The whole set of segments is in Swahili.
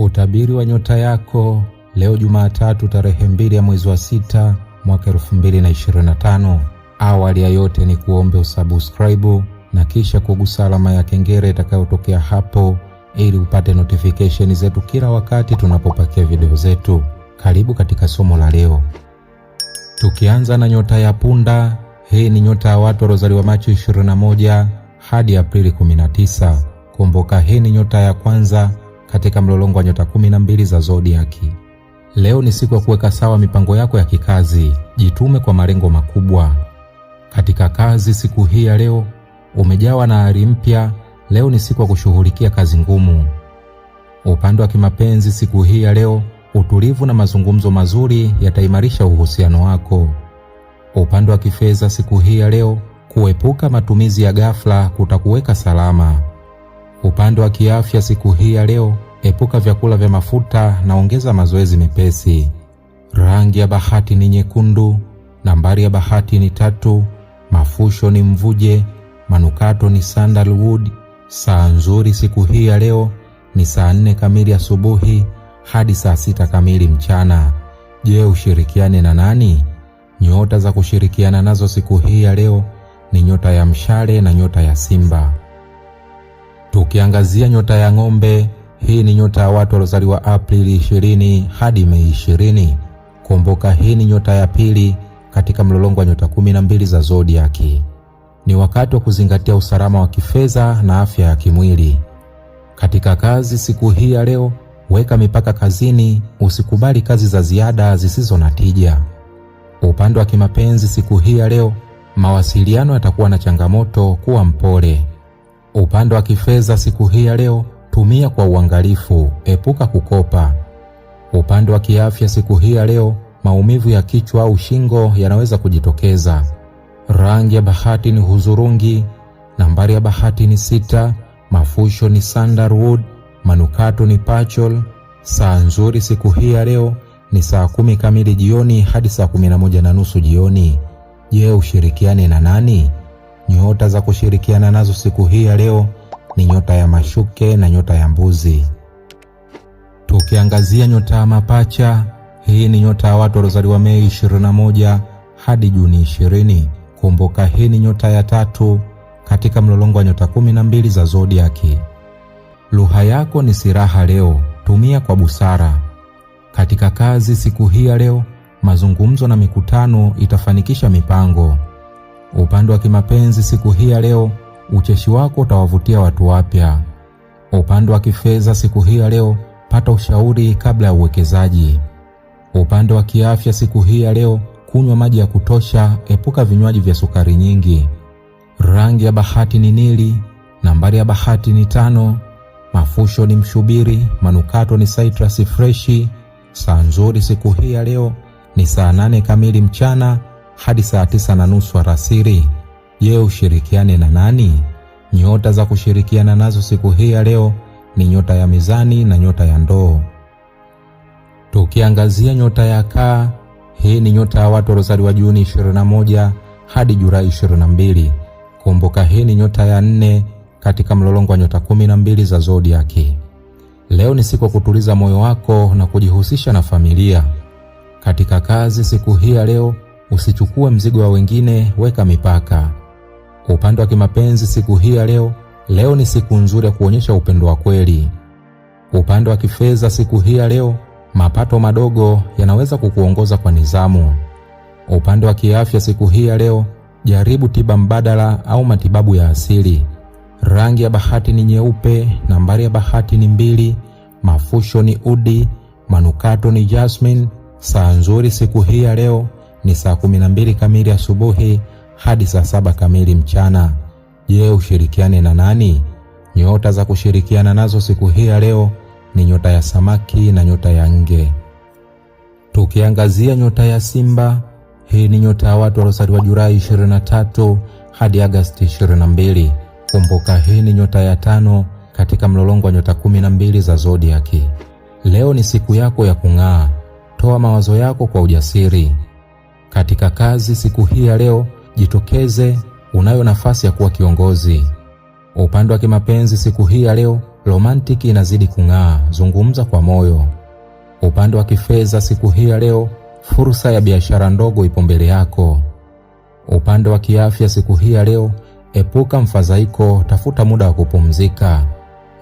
Utabiri wa nyota yako leo Jumatatu tarehe mbili ya mwezi wa sita mwaka 2025. Awali ya yote ni kuombe usubscribe na kisha kugusa alama ya kengele itakayotokea hapo ili upate notification zetu kila wakati tunapopakia video zetu. Karibu katika somo la leo, tukianza na nyota ya punda. Hii ni nyota ya watu waliozaliwa Machi 21 hadi Aprili 19. Kumbuka, hii ni nyota ya kwanza katika mlolongo wa nyota kumi na mbili za zodiaki. Leo ni siku ya kuweka sawa mipango yako ya kikazi, jitume kwa malengo makubwa. Katika kazi siku hii ya leo umejawa na ari mpya. Leo ni siku ya kushughulikia kazi ngumu. Upande wa kimapenzi siku hii ya leo, utulivu na mazungumzo mazuri yataimarisha uhusiano wako. Upande wa kifedha siku hii ya leo, kuepuka matumizi ya ghafla kutakuweka salama. Upande wa kiafya siku hii ya leo, epuka vyakula vya mafuta na ongeza mazoezi mepesi. Rangi ya bahati ni nyekundu. Nambari ya bahati ni tatu. Mafusho ni mvuje. Manukato ni sandalwood. Saa nzuri siku hii ya leo ni saa nne kamili asubuhi hadi saa sita kamili mchana. Je, ushirikiane na nani? Nyota za kushirikiana nazo siku hii ya leo ni nyota ya mshale na nyota ya simba. Tukiangazia nyota ya ng'ombe, hii ni nyota ya watu waliozaliwa Aprili 20 hadi Mei 20. Kumbuka, hii ni nyota ya pili katika mlolongo wa nyota 12 za zodiaki. Ni wakati wa kuzingatia usalama wa kifedha na afya ya kimwili. Katika kazi siku hii ya leo, weka mipaka kazini, usikubali kazi za ziada zisizo na tija. Upande wa kimapenzi siku hii ya leo, mawasiliano yatakuwa na changamoto, kuwa mpole. Upande wa kifedha siku hii ya leo, tumia kwa uangalifu, epuka kukopa. Upande wa kiafya siku hii ya leo, maumivu ya kichwa au shingo yanaweza kujitokeza. Rangi ya bahati ni huzurungi. Nambari ya bahati ni sita. Mafusho ni sandalwood. Manukato ni pachol. Saa nzuri siku hii ya leo ni saa kumi kamili jioni hadi saa kumi na moja na nusu jioni. Je, ushirikiane na nani? Nyota za kushirikiana nazo siku hii ya leo ni nyota ya mashuke na nyota ya mbuzi. Tukiangazia nyota ya mapacha, hii ni nyota ya watu waliozaliwa Mei 21 hadi Juni 20. Kumbuka, hii ni nyota ya tatu katika mlolongo wa nyota 12 za zodiaki. Lugha yako ni silaha leo, tumia kwa busara katika kazi siku hii ya leo. Mazungumzo na mikutano itafanikisha mipango. Upande wa kimapenzi siku hii ya leo, ucheshi wako utawavutia watu wapya. Upande wa kifedha siku hii ya leo, pata ushauri kabla ya uwekezaji. Upande wa kiafya siku hii ya leo, kunywa maji ya kutosha, epuka vinywaji vya sukari nyingi. Rangi ya bahati ni nili, nambari ya bahati ni tano, mafusho ni mshubiri, manukato ni citrus freshi. Saa nzuri siku hii ya leo ni saa nane kamili mchana hadi saa tisa na nusu alasiri. Je, ushirikiane na nani? Nyota za kushirikiana nazo siku hii ya leo ni nyota ya mizani na nyota ya ndoo. Tukiangazia nyota ya kaa, hii ni nyota ya watu waliozaliwa Juni 21 hadi Julai 22. Kumbuka hii ni nyota ya nne katika mlolongo wa nyota 12 za zodiaki. Leo ni siku ya kutuliza moyo wako na kujihusisha na familia. Katika kazi siku hii ya leo Usichukue mzigo wa wengine, weka mipaka. Upande wa kimapenzi siku hii ya leo, leo ni siku nzuri ya kuonyesha upendo wa kweli. Upande wa kifedha siku hii ya leo, mapato madogo yanaweza kukuongoza kwa nidhamu. Upande wa kiafya siku hii ya leo, jaribu tiba mbadala au matibabu ya asili. Rangi ya bahati ni nyeupe, nambari ya bahati ni mbili, mafusho ni udi, manukato ni jasmine. Saa nzuri siku hii ya leo ni saa mbili kamili asubuhi hadi saa saba kamili mchana. Je, ushirikiane na nani? Nyota za kushirikiana nazo siku hii ya leo ni nyota ya samaki na nyota ya nge. Tukiangazia nyota ya Simba, hii ni nyota ya watu waliozaliwa Julai 23 hadi Agasti 22. Kumbuka, hii ni nyota ya tano katika mlolongo wa nyota 12 za zodiaki. Leo ni siku yako ya kung'aa. Toa mawazo yako kwa ujasiri. Katika kazi siku hii ya leo, jitokeze, unayo nafasi ya kuwa kiongozi. Upande wa kimapenzi siku hii ya leo, romantiki inazidi kung'aa, zungumza kwa moyo. Upande wa kifedha siku hii ya leo, fursa ya biashara ndogo ipo mbele yako. Upande wa kiafya siku hii ya leo, epuka mfadhaiko, tafuta muda wa kupumzika.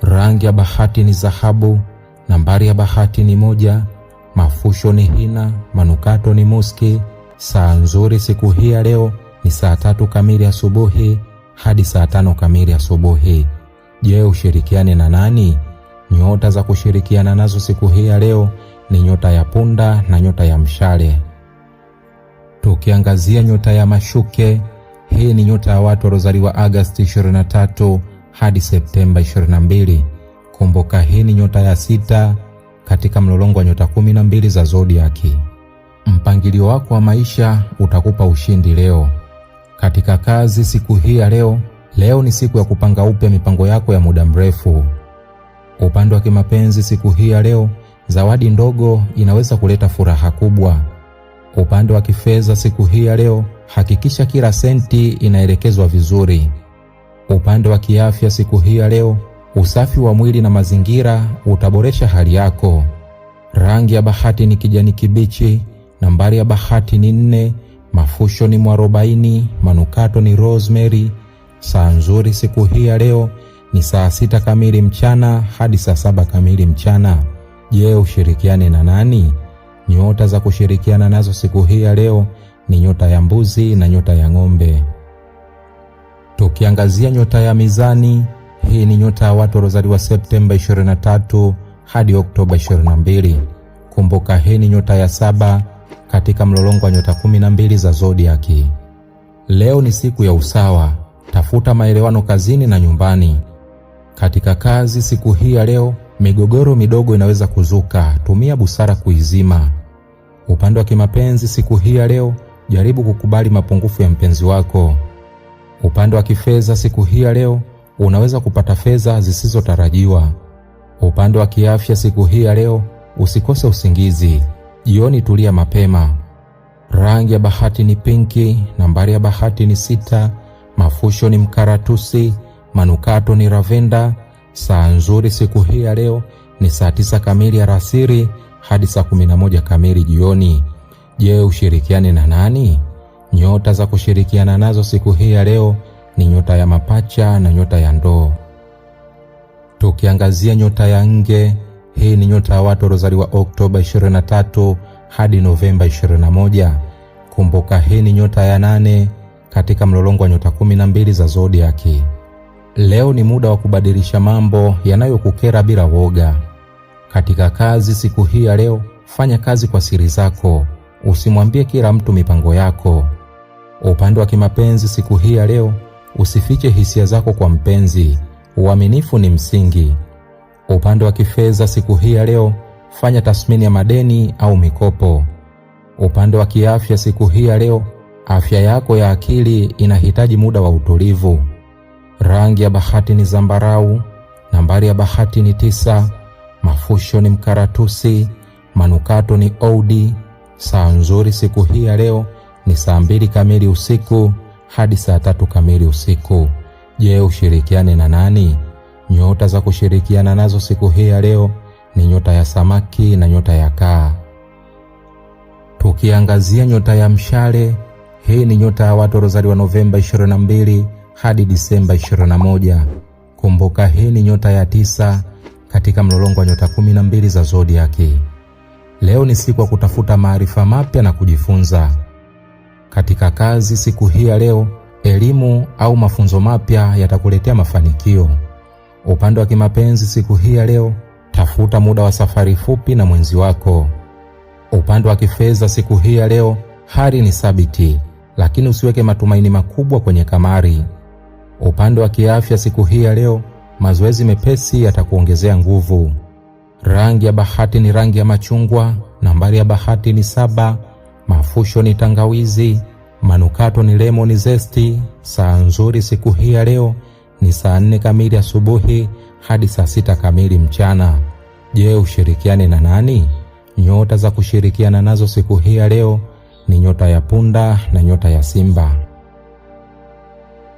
Rangi ya bahati ni dhahabu, nambari ya bahati ni moja, mafusho ni hina, manukato ni muski. Saa nzuri siku hii ya leo ni saa tatu kamili asubuhi hadi saa tano kamili asubuhi. Je, ushirikiane na nani? Nyota za kushirikiana nazo siku hii ya leo ni nyota ya punda na nyota ya mshale. Tukiangazia nyota ya mashuke, hii ni nyota ya watu waliozaliwa Agasti 23 hadi Septemba 22. Kumbuka, hii ni nyota ya sita katika mlolongo wa nyota 12 za zodiaki. Mpangilio wako wa maisha utakupa ushindi leo katika kazi siku hii ya leo. Leo ni siku ya kupanga upya mipango yako ya muda mrefu. Upande wa kimapenzi siku hii ya leo, zawadi ndogo inaweza kuleta furaha kubwa. Upande wa kifedha siku hii ya leo, hakikisha kila senti inaelekezwa vizuri. Upande wa kiafya siku hii ya leo, usafi wa mwili na mazingira utaboresha hali yako. Rangi ya bahati ni kijani kibichi. Nambari ya bahati ni nne, mafusho ni mwarobaini, manukato ni rosemary. Saa nzuri siku hii ya leo ni saa sita kamili mchana hadi saa saba kamili mchana. Je, ushirikiane na nani? Nyota za kushirikiana nazo siku hii ya leo ni nyota ya mbuzi na nyota ya ng'ombe. Tukiangazia nyota ya mizani, hii ni nyota ya watu waliozaliwa Septemba 23 hadi Oktoba 22. Kumbuka, hii ni nyota ya saba katika mlolongo wa nyota kumi na mbili za zodiaki. Leo ni siku ya usawa, tafuta maelewano kazini na nyumbani. Katika kazi siku hii ya leo, migogoro midogo inaweza kuzuka, tumia busara kuizima. Upande wa kimapenzi siku hii ya leo, jaribu kukubali mapungufu ya mpenzi wako. Upande wa kifedha siku hii ya leo, unaweza kupata fedha zisizotarajiwa. Upande wa kiafya siku hii ya leo, usikose usingizi. Jioni tulia mapema. Rangi ya bahati ni pinki, nambari ya bahati ni sita, mafusho ni mkaratusi, manukato ni ravenda. Saa nzuri siku hii ya leo ni saa tisa kamili alasiri hadi saa kumi na moja kamili jioni. Je, ushirikiane na nani? Nyota za kushirikiana nazo siku hii ya leo ni nyota ya mapacha na nyota ya ndoo. Tukiangazia nyota ya nge, hii ni nyota ya watu waliozaliwa Oktoba 23 hadi Novemba 21. Kumbuka, hii ni nyota ya nane katika mlolongo wa nyota 12 za zodiaki. Leo ni muda wa kubadilisha mambo yanayokukera bila woga. Katika kazi siku hii ya leo, fanya kazi kwa siri zako, usimwambie kila mtu mipango yako. Upande wa kimapenzi siku hii ya leo, usifiche hisia zako kwa mpenzi. Uaminifu ni msingi. Upande wa kifedha siku hii ya leo, fanya tathmini ya madeni au mikopo. Upande wa kiafya siku hii ya leo, afya yako ya akili inahitaji muda wa utulivu. Rangi ya bahati ni zambarau. Nambari ya bahati ni tisa. Mafusho ni mkaratusi. Manukato ni oudi. Saa nzuri siku hii ya leo ni saa mbili kamili usiku hadi saa tatu kamili usiku. Je, ushirikiane na nani? Nyota za kushirikiana nazo siku hii ya leo ni nyota ya samaki na nyota ya kaa. Tukiangazia nyota ya mshale, hii ni nyota ya watu waliozaliwa Novemba 22 hadi Disemba 21. Kumbuka hii ni nyota ya tisa katika mlolongo wa nyota 12 za zodiaki. Leo ni siku ya kutafuta maarifa mapya na kujifunza. Katika kazi siku hii ya leo, elimu au mafunzo mapya yatakuletea mafanikio. Upande wa kimapenzi siku hii ya leo, tafuta muda wa safari fupi na mwenzi wako. Upande wa kifedha siku hii ya leo, hali ni thabiti, lakini usiweke matumaini makubwa kwenye kamari. Upande wa kiafya siku hii ya leo, mazoezi mepesi yatakuongezea nguvu. Rangi ya bahati ni rangi ya machungwa. Nambari ya bahati ni saba. Mafusho ni tangawizi. Manukato ni lemoni zesti. Saa nzuri siku hii ya leo ni saa nne kamili asubuhi hadi saa sita kamili mchana. Je, ushirikiane na nani? Nyota za kushirikiana nazo siku hii ya leo ni nyota ya punda na nyota ya simba.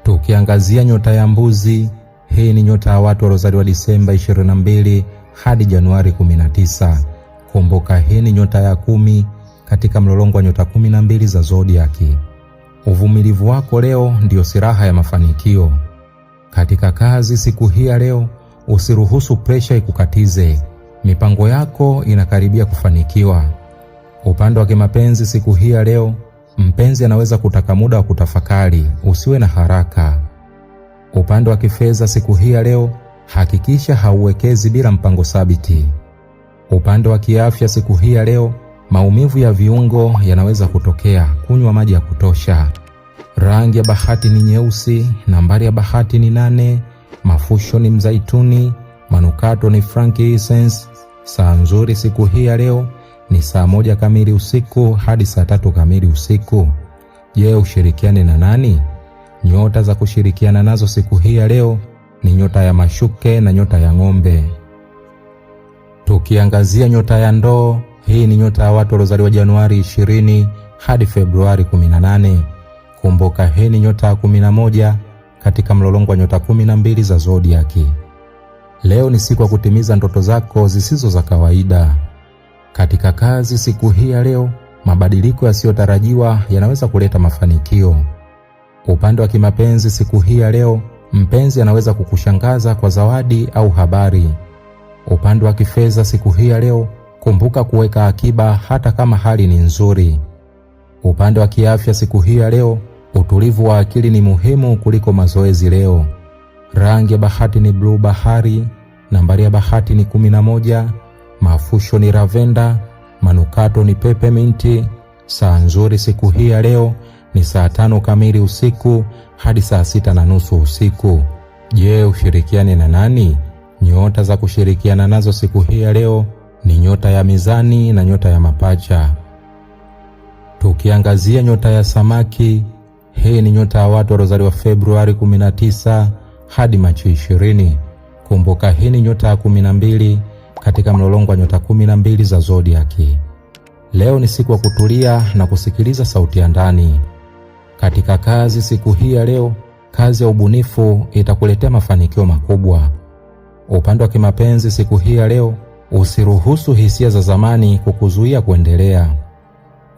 Tukiangazia nyota ya mbuzi, hii ni nyota ya watu waliozaliwa Disemba 22 hadi Januari 19. Kumbuka, hii ni nyota ya kumi katika mlolongo wa nyota 12 za zodiaki. Uvumilivu wako leo ndiyo silaha ya mafanikio. Katika kazi siku hii ya leo, usiruhusu presha ikukatize. Mipango yako inakaribia kufanikiwa. Upande wa kimapenzi siku hii ya leo, mpenzi anaweza kutaka muda wa kutafakari, usiwe na haraka. Upande wa kifedha siku hii ya leo, hakikisha hauwekezi bila mpango thabiti. Upande wa kiafya siku hii ya leo, maumivu ya viungo yanaweza kutokea, kunywa maji ya kutosha. Rangi ya bahati ni nyeusi, nambari ya bahati ni nane, mafusho ni mzaituni, manukato ni frankincense. Saa nzuri siku hii ya leo ni saa moja kamili usiku hadi saa tatu kamili usiku. Je, ushirikiane na nani? Nyota za kushirikiana nazo siku hii ya leo ni nyota ya mashuke na nyota ya ng'ombe. Tukiangazia nyota ya ndoo, hii ni nyota ya watu waliozaliwa Januari 20 hadi Februari 18. Kumbuka, hii ni nyota ya moja katika mlolongo wa nyota kumi mbili za zodiaki. Leo ni siku ya kutimiza ndoto zako zisizo za kawaida. Katika kazi siku hii ya leo, mabadiliko yasiyotarajiwa yanaweza kuleta mafanikio. Upande wa kimapenzi siku hii ya leo, mpenzi anaweza kukushangaza kwa zawadi au habari. Upande wa kifedha siku hii ya leo, kumbuka kuweka akiba hata kama hali ni nzuri. Upande wa kiafya siku hii ya leo, Utulivu wa akili ni muhimu kuliko mazoezi leo. Rangi ya bahati ni bluu bahari, nambari ya bahati ni kumi na moja, mafusho ni ravenda, manukato ni pepeminti. Saa nzuri siku hii ya leo ni saa tano kamili usiku hadi saa sita na nusu usiku. Je, ushirikiane na nani? Nyota za kushirikiana nazo siku hii ya leo ni nyota ya mizani na nyota ya mapacha. Tukiangazia nyota ya samaki hii ni nyota ya watu waliozaliwa Februari 19 hadi Machi 20. Kumbuka, hii ni nyota ya 12 katika mlolongo wa nyota 12 za zodiaki. Leo ni siku ya kutulia na kusikiliza sauti ya ndani. Katika kazi siku hii ya leo, kazi ya ubunifu itakuletea mafanikio makubwa. Upande wa kimapenzi siku hii ya leo, usiruhusu hisia za zamani kukuzuia kuendelea.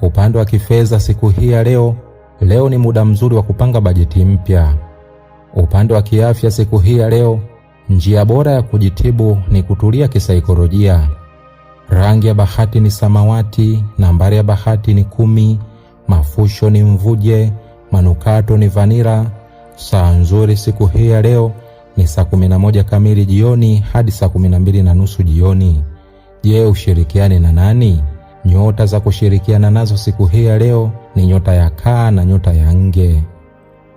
Upande wa kifedha siku hii ya leo Leo ni muda mzuri wa kupanga bajeti mpya. Upande wa kiafya siku hii ya leo, njia bora ya kujitibu ni kutulia kisaikolojia. Rangi ya bahati ni samawati, nambari ya bahati ni kumi, mafusho ni mvuje, manukato ni vanira. Saa nzuri siku hii ya leo ni saa moja kamili jioni hadi saa na nusu jioni. Je, ushirikiane na nani? Nyota za kushirikiana nazo siku hii ya leo ni nyota ya kaa na nyota ya nge.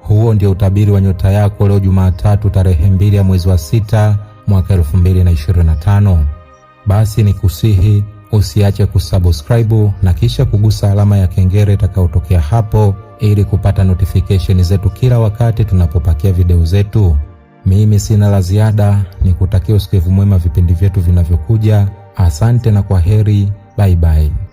Huo ndio utabiri wa nyota yako leo Jumatatu tarehe mbili ya mwezi wa sita mwaka 2025. Basi ni kusihi usiache kusubscribe na kisha kugusa alama ya kengele itakayotokea hapo ili kupata notification zetu kila wakati tunapopakia video zetu. Mimi sina la ziada, kutakia usikivu mwema vipindi vyetu vinavyokuja. Asante na kwa heri. Bye-bye.